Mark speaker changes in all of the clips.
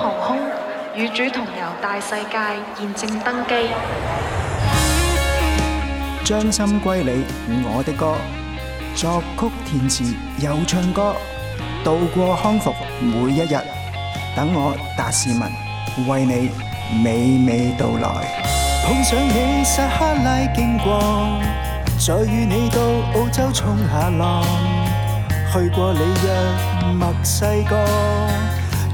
Speaker 1: 航空與主同遊大世界，現正登
Speaker 2: 機。將心歸你，我的歌，作曲填詞又唱歌，渡過康復每一日，等我達市民，為你娓娓道來。
Speaker 1: 碰上你撒哈拉經過，再與你到澳洲衝下浪，去過里約墨西哥。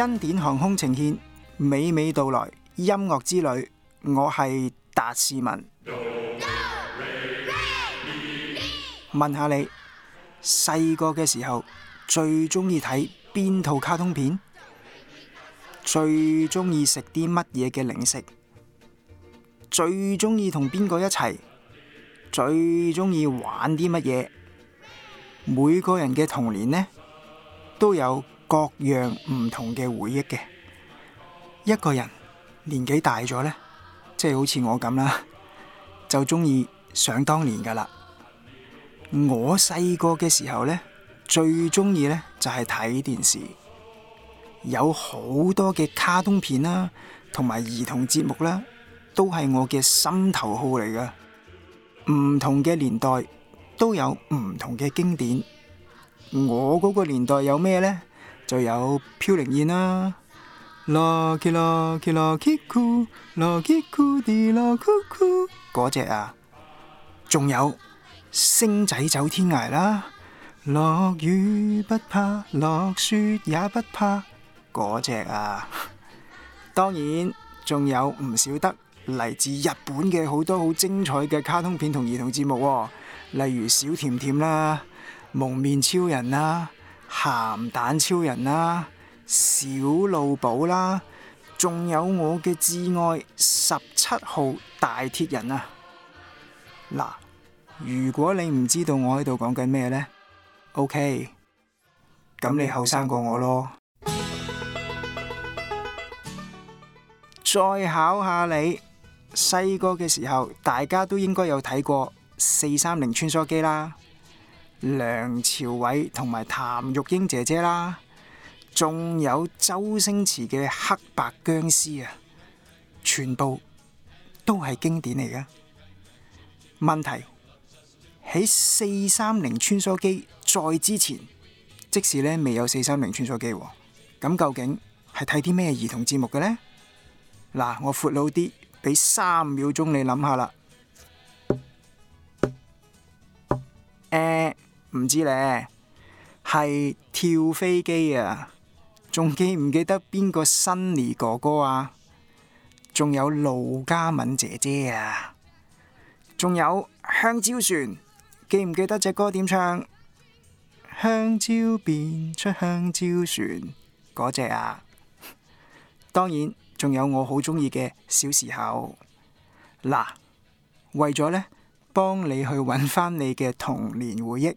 Speaker 2: 恩典航空呈現美美到來音樂之旅，我係達士文。問下你，細個嘅時候最鍾意睇邊套卡通片？最鍾意食啲乜嘢嘅零食？最鍾意同邊個一齊？最鍾意玩啲乜嘢？每個人嘅童年呢都有各樣唔同嘅回憶嘅，一個人年紀大咗呢，即係好似我咁啦，就中意想當年噶啦。我細個嘅時候呢，最中意呢就係睇電視，有好多嘅卡通片啦，同埋兒童節目啦，都係我嘅心頭號嚟噶。唔同嘅年代都有唔同嘅經典，我嗰個年代有咩呢？就有宴《飄零燕》啦， 《羅基羅基羅基庫羅基庫迪羅庫庫》嗰隻啊，仲有《星仔走天涯》啦，《落雨
Speaker 1: 不怕，落雪也不怕》
Speaker 2: 嗰隻啊。當然仲有唔少得嚟自日本嘅好多好精彩嘅卡通片同兒童節目，例如《小甜甜》啦，《蒙面超人》啦。鹹蛋超人啦，小露寶啦，仲有我嘅摯愛十七號大鐵人啊！嗱，如果你唔知道我喺度講緊咩呢？OK，咁你後生過我咯。 再考下你，細個嘅時候，大家都應該有睇過四三零穿梭機啦。梁朝偉同埋譚玉英姐姐啦，仲有周星馳嘅黑白僵屍啊，全部都係經典嚟㗎。問題喺四三零穿梭機再之前，即使咧未有四三零穿梭機，咁究竟係睇啲咩兒童節目嘅呢？嗱，我闊佬啲，俾三秒鐘你諗下啦。唔知咧，係跳飛機啊！仲記唔記得邊個 Sunny 哥哥啊？仲有盧家敏姐姐啊？仲有香蕉船，記唔記得隻歌點唱？香蕉變出香蕉船嗰隻啊！當然，仲有我好中意嘅小時候。嗱，為咗咧幫你去揾翻你嘅童年回憶。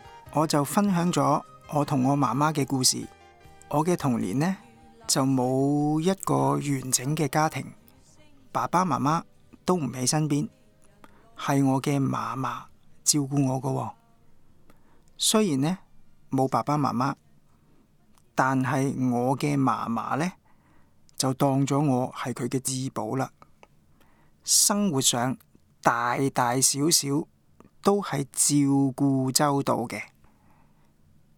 Speaker 2: 我就分享咗我同我媽媽嘅故事。我嘅童年呢就冇一個完整嘅家庭，爸爸媽媽都唔喺身邊，係我嘅媽媽照顧我嘅。雖然呢冇爸爸媽媽，但係我嘅媽媽呢就當咗我係佢嘅至寶啦。生活上大大小小都係照顧周到嘅。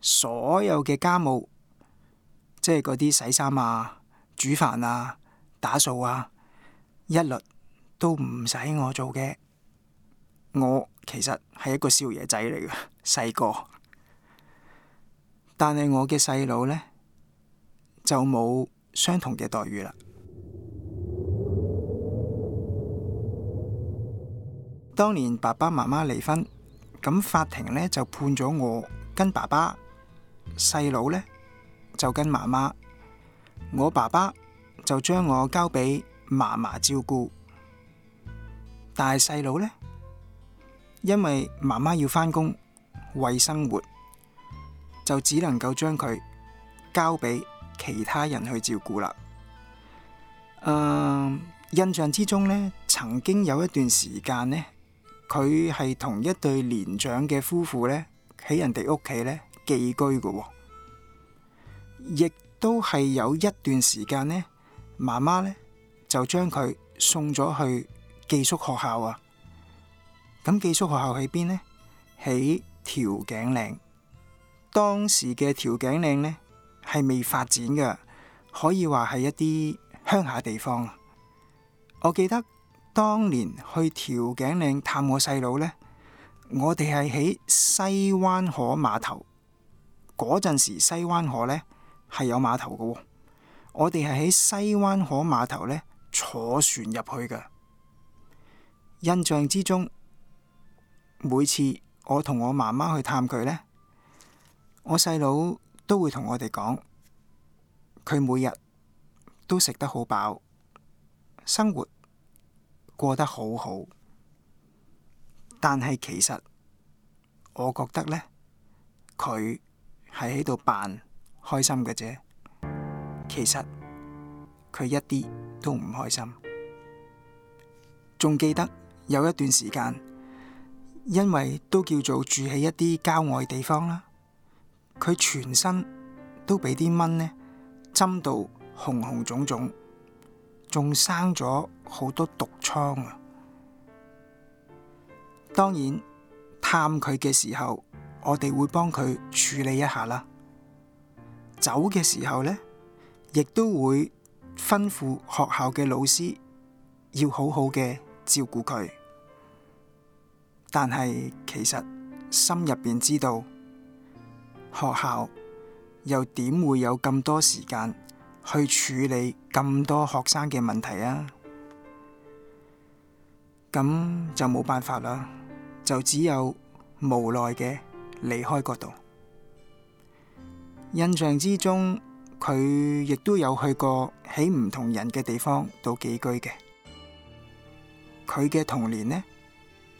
Speaker 2: 所有嘅家務，即係嗰啲洗衫啊、煮飯啊、打掃啊，一律都唔使我做嘅。我其實係一個少爺仔嚟㗎，細個，但係我嘅細佬呢，就冇相同嘅待遇啦。當年爸爸媽媽離婚，咁法庭呢就判咗我跟爸爸。細佬呢，就跟媽媽，我爸爸就將我交俾媽媽照顧。但係細佬呢，因為媽媽要返工為生活，就只能夠將佢交俾其他人去照顧啦。嗯，印象之中呢，曾經有一段時間呢，佢係同一對年長嘅夫婦呢，喺人哋屋企呢，寄居嘅。哦，亦都係有一段時間呢，媽媽呢就將佢送咗去寄宿學校啊。咁、啊、寄宿學校喺邊呢？喺調景嶺。當時嘅調景嶺呢，係未發展嘅，可以話係一啲鄉下地方。我記得當年去調景嶺探我細佬呢，我哋係喺西灣河碼頭。嗰陣時西灣河呢係有碼頭噶喎，我哋係喺西灣河碼頭呢坐船入去噶。印象之中，每次我同我媽媽去探佢呢，我細佬都會同我哋講，佢每日都食得好飽，生活過得好好。但係其實我覺得呢，佢。係喺度扮開心嘅啫，其實佢一啲都唔開心。仲記得有一段時間，因為都叫做住喺一啲郊外地方啦，佢全身都俾啲蚊呢針到紅紅腫腫，仲生咗好多毒瘡啊！當然，探佢嘅時候。我哋會幫佢處理一下啦。走嘅時候呢，亦都會吩咐學校嘅老師要好好嘅照顧佢。但係其實心入邊知道，學校又點會有咁多時間去處理咁多學生嘅問題啊？咁就冇辦法啦，就只有無奈嘅。離開嗰度，印象之中佢亦都有去過喺唔同人嘅地方度寄居嘅。佢嘅童年呢，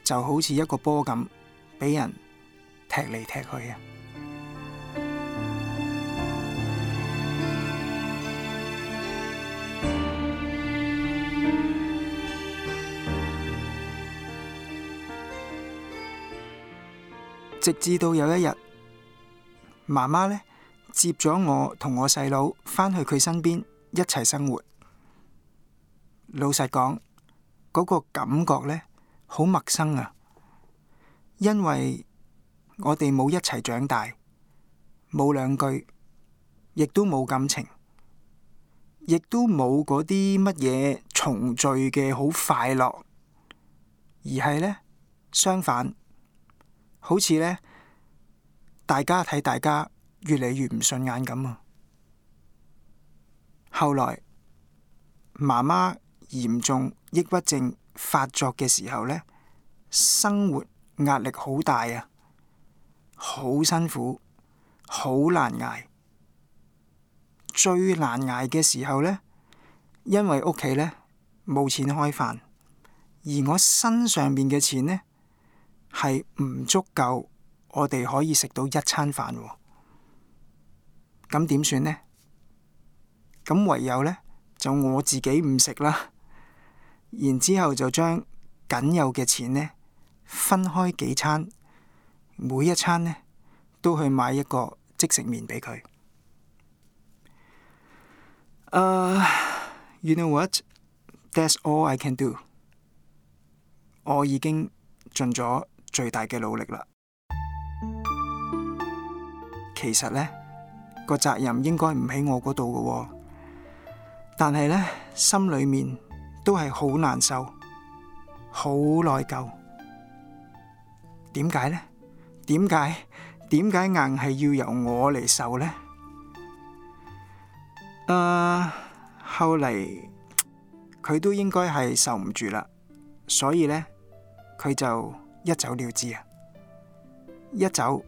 Speaker 2: 就好似一個波咁俾人踢嚟踢去啊！直至到有一日，媽媽咧接咗我同我細佬返去佢身邊一齊生活。老實講，嗰、嗰個感覺咧好陌生啊，因為我哋冇一齊長大，冇兩句，亦都冇感情，亦都冇嗰啲乜嘢重聚嘅好快樂，而係呢，相反。好似呢，大家睇大家越嚟越唔順眼咁啊！後來媽媽嚴重抑鬱症發作嘅時候呢，生活壓力好大啊，好辛苦，好難捱。最難捱嘅時候呢，因為屋企呢冇錢開飯，而我身上面嘅錢呢，係唔足夠，我哋可以食到一餐飯喎，哦。咁點算呢？咁唯有呢，就我自己唔食啦。然之後就將僅有嘅錢呢，分開幾餐，每一餐呢，都去買一個即食麵俾佢。誒、uh,you know what？That's all I can do。我已經盡咗。最大嘅努力啦。其實呢個責任應該唔喺我嗰度㗎，但係呢心裏面都係好難受，好內疚。點解呢？點解？點解硬係要由我嚟受呢？啊，後嚟佢都應該係受唔住啦，所以呢佢就。一走了之啊！一走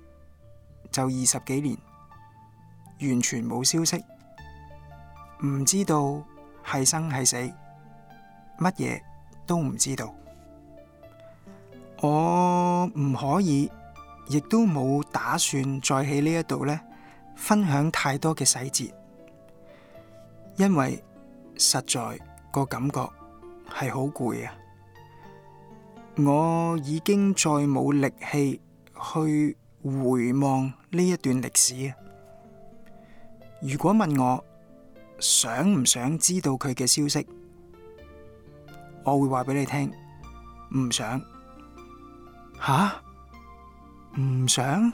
Speaker 2: 就二十幾年，完全冇消息，唔知道係生係死，乜嘢都唔知道。我唔可以，亦都冇打算再喺呢一度呢，分享太多嘅細節，因為實在個感覺係好攰啊！我已經再冇力氣去回望呢一段歷史。如果問我想唔想知道佢嘅消息，我會話俾你聽，唔想。吓蛤？唔想？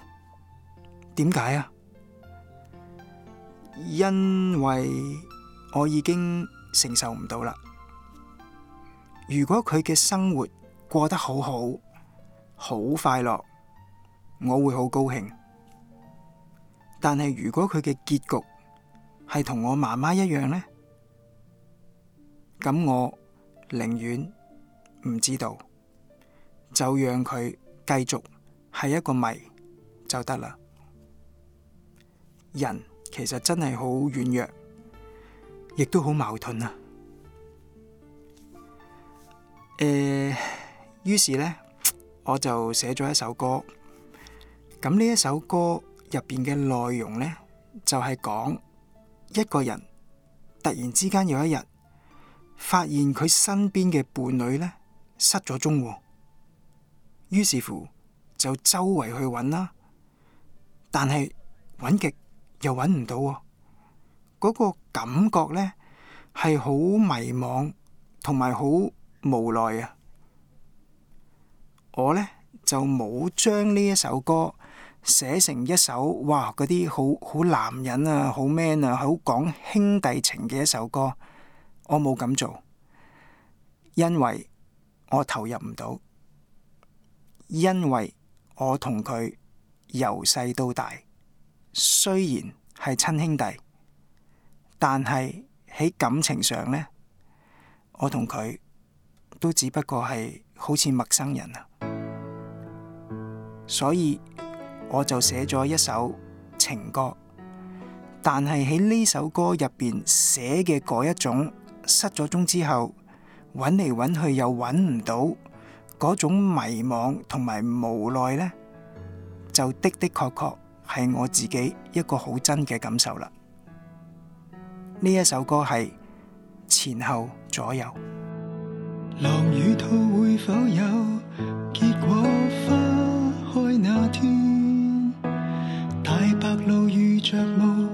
Speaker 2: 點解啊？因為我已經承受唔到啦。如果佢嘅生活……過得好好，好快樂，我會好高興。但係如果佢嘅結局係同我媽媽一樣呢？咁我寧願唔知道，就讓佢繼續係一個謎就得啦。人其實真係好軟弱，亦都好矛盾啊。欸於是呢，我就寫咗一首歌。咁呢一首歌入邊嘅內容呢，就係、是、講一個人突然之間有一日發現佢身邊嘅伴侶呢失咗蹤。於是乎就周圍去揾啦，但係揾極又揾唔到。嗰、那個感覺呢，係好迷茫同埋好無奈啊！我呢，就冇將呢一首歌寫成一首哇，嗰啲好好男人啊，好 man 啊，好講兄弟情嘅一首歌。我冇咁做，因為我投入唔到，因為我同佢由細到大，雖然係親兄弟，但係喺感情上呢，我同佢都只不過係好似陌生人啊。所以我就寫咗一首情歌，但係喺呢首歌入邊寫嘅嗰一種失咗蹤之後，揾嚟揾去又揾唔到嗰種迷茫同埋無奈咧，就的的確確係我自己一個好真嘅感受啦。呢一首歌係前後左右。
Speaker 1: 兔會否有結果？ 開那天，大白鷺遇着霧，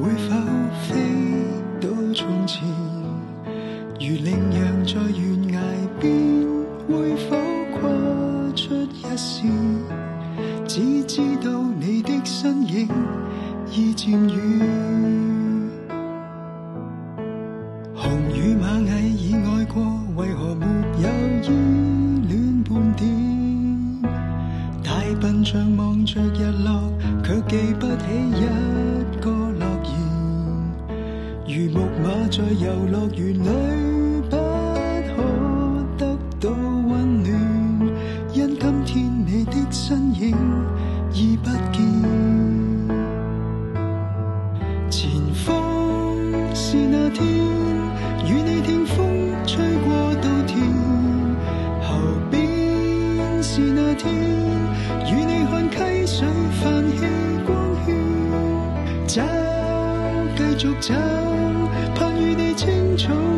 Speaker 1: 會否飛到從前？如羚羊在懸崖邊，會否跨出一線？只知道你的身影已漸遠。站望着日落，卻記不起一個樂言，如木馬在遊樂園裏。清楚。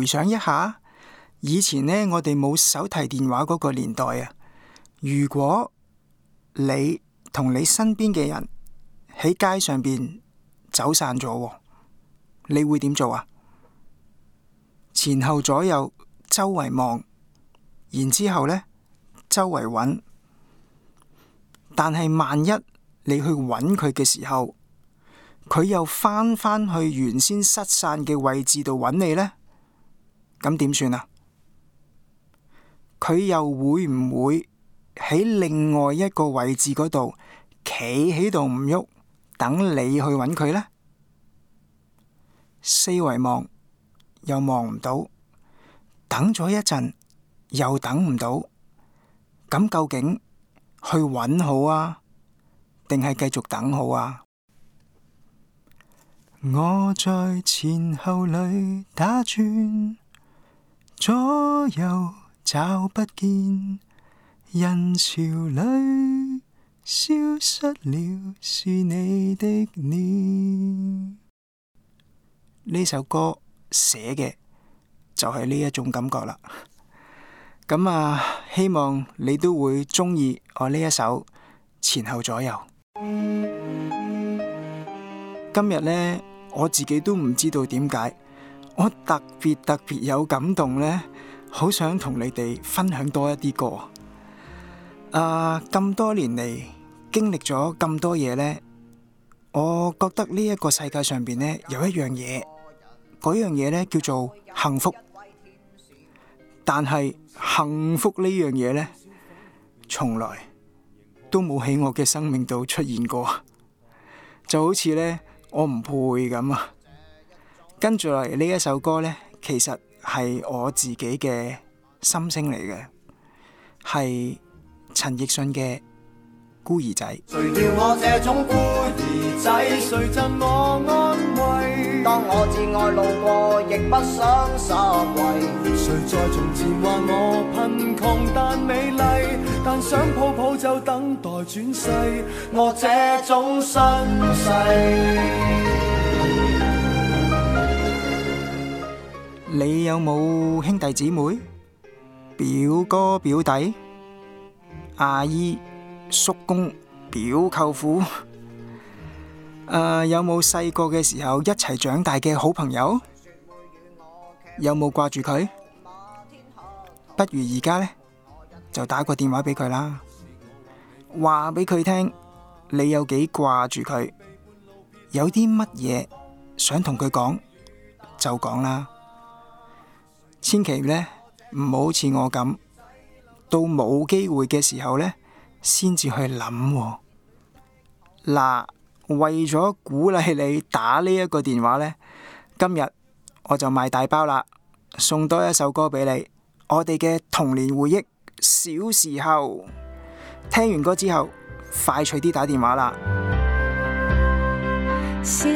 Speaker 2: 回想一下，以前呢，我哋冇手提電話嗰個年代啊。如果你同你身邊嘅人喺街上邊走散咗，你會點做啊？前後左右周圍望，然之後呢，周圍揾，但係萬一你去揾佢嘅時候，佢又翻返去原先失散嘅位置度揾你呢？咁點算啊？佢又會唔會喺另外一個位置嗰度企喺度唔喐，等你去揾佢呢？四圍望又望唔到，等咗一陣又等唔到，咁究竟去揾好啊，定係繼續等好啊？
Speaker 1: 我在前後裏打轉。左右找不見，人潮裏消失了是你的臉。
Speaker 2: 呢首歌寫嘅就係呢一種感覺啦。咁啊，希望你都會中意我呢一首前後左右。今日呢，我自己都唔知道點解。我特別特別有感動咧，好想同你哋分享多一啲歌。啊，咁多年嚟經歷咗咁多嘢咧，我覺得呢一個世界上邊咧，有一樣嘢，嗰樣嘢咧叫做幸福。但係幸福呢樣嘢咧，從來都冇喺我嘅生命度出現過，就好似咧我唔配咁啊！跟住落嚟呢一首歌呢，其實係我自己嘅心聲嚟嘅，係陳奕迅嘅《孤兒仔》。誰
Speaker 1: 料我這種孤兒仔，誰贈我安慰？當我至愛路過，亦不想失威。誰在從前話我貧窮但美麗，但想抱抱就等待轉世。我這種身世。身
Speaker 2: 你有冇兄弟姊妹、表哥表弟、阿姨、叔公、表舅父？誒，有冇細個嘅時候一齊長大嘅好朋友？有冇掛住佢？不如而家呢就打個電話俾佢啦，話俾佢聽你有幾掛住佢，有啲乜嘢想同佢講就講啦。千祈呢唔好似我咁，到冇機會嘅時候呢，先至去諗喎。嗱，為咗鼓勵你打呢一個電話呢，今日我就賣大包啦，送多一首歌俾你。我哋嘅童年回憶，小時候聽完歌之後，快脆啲打電話啦！
Speaker 1: 小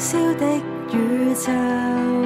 Speaker 1: 小的宇宙。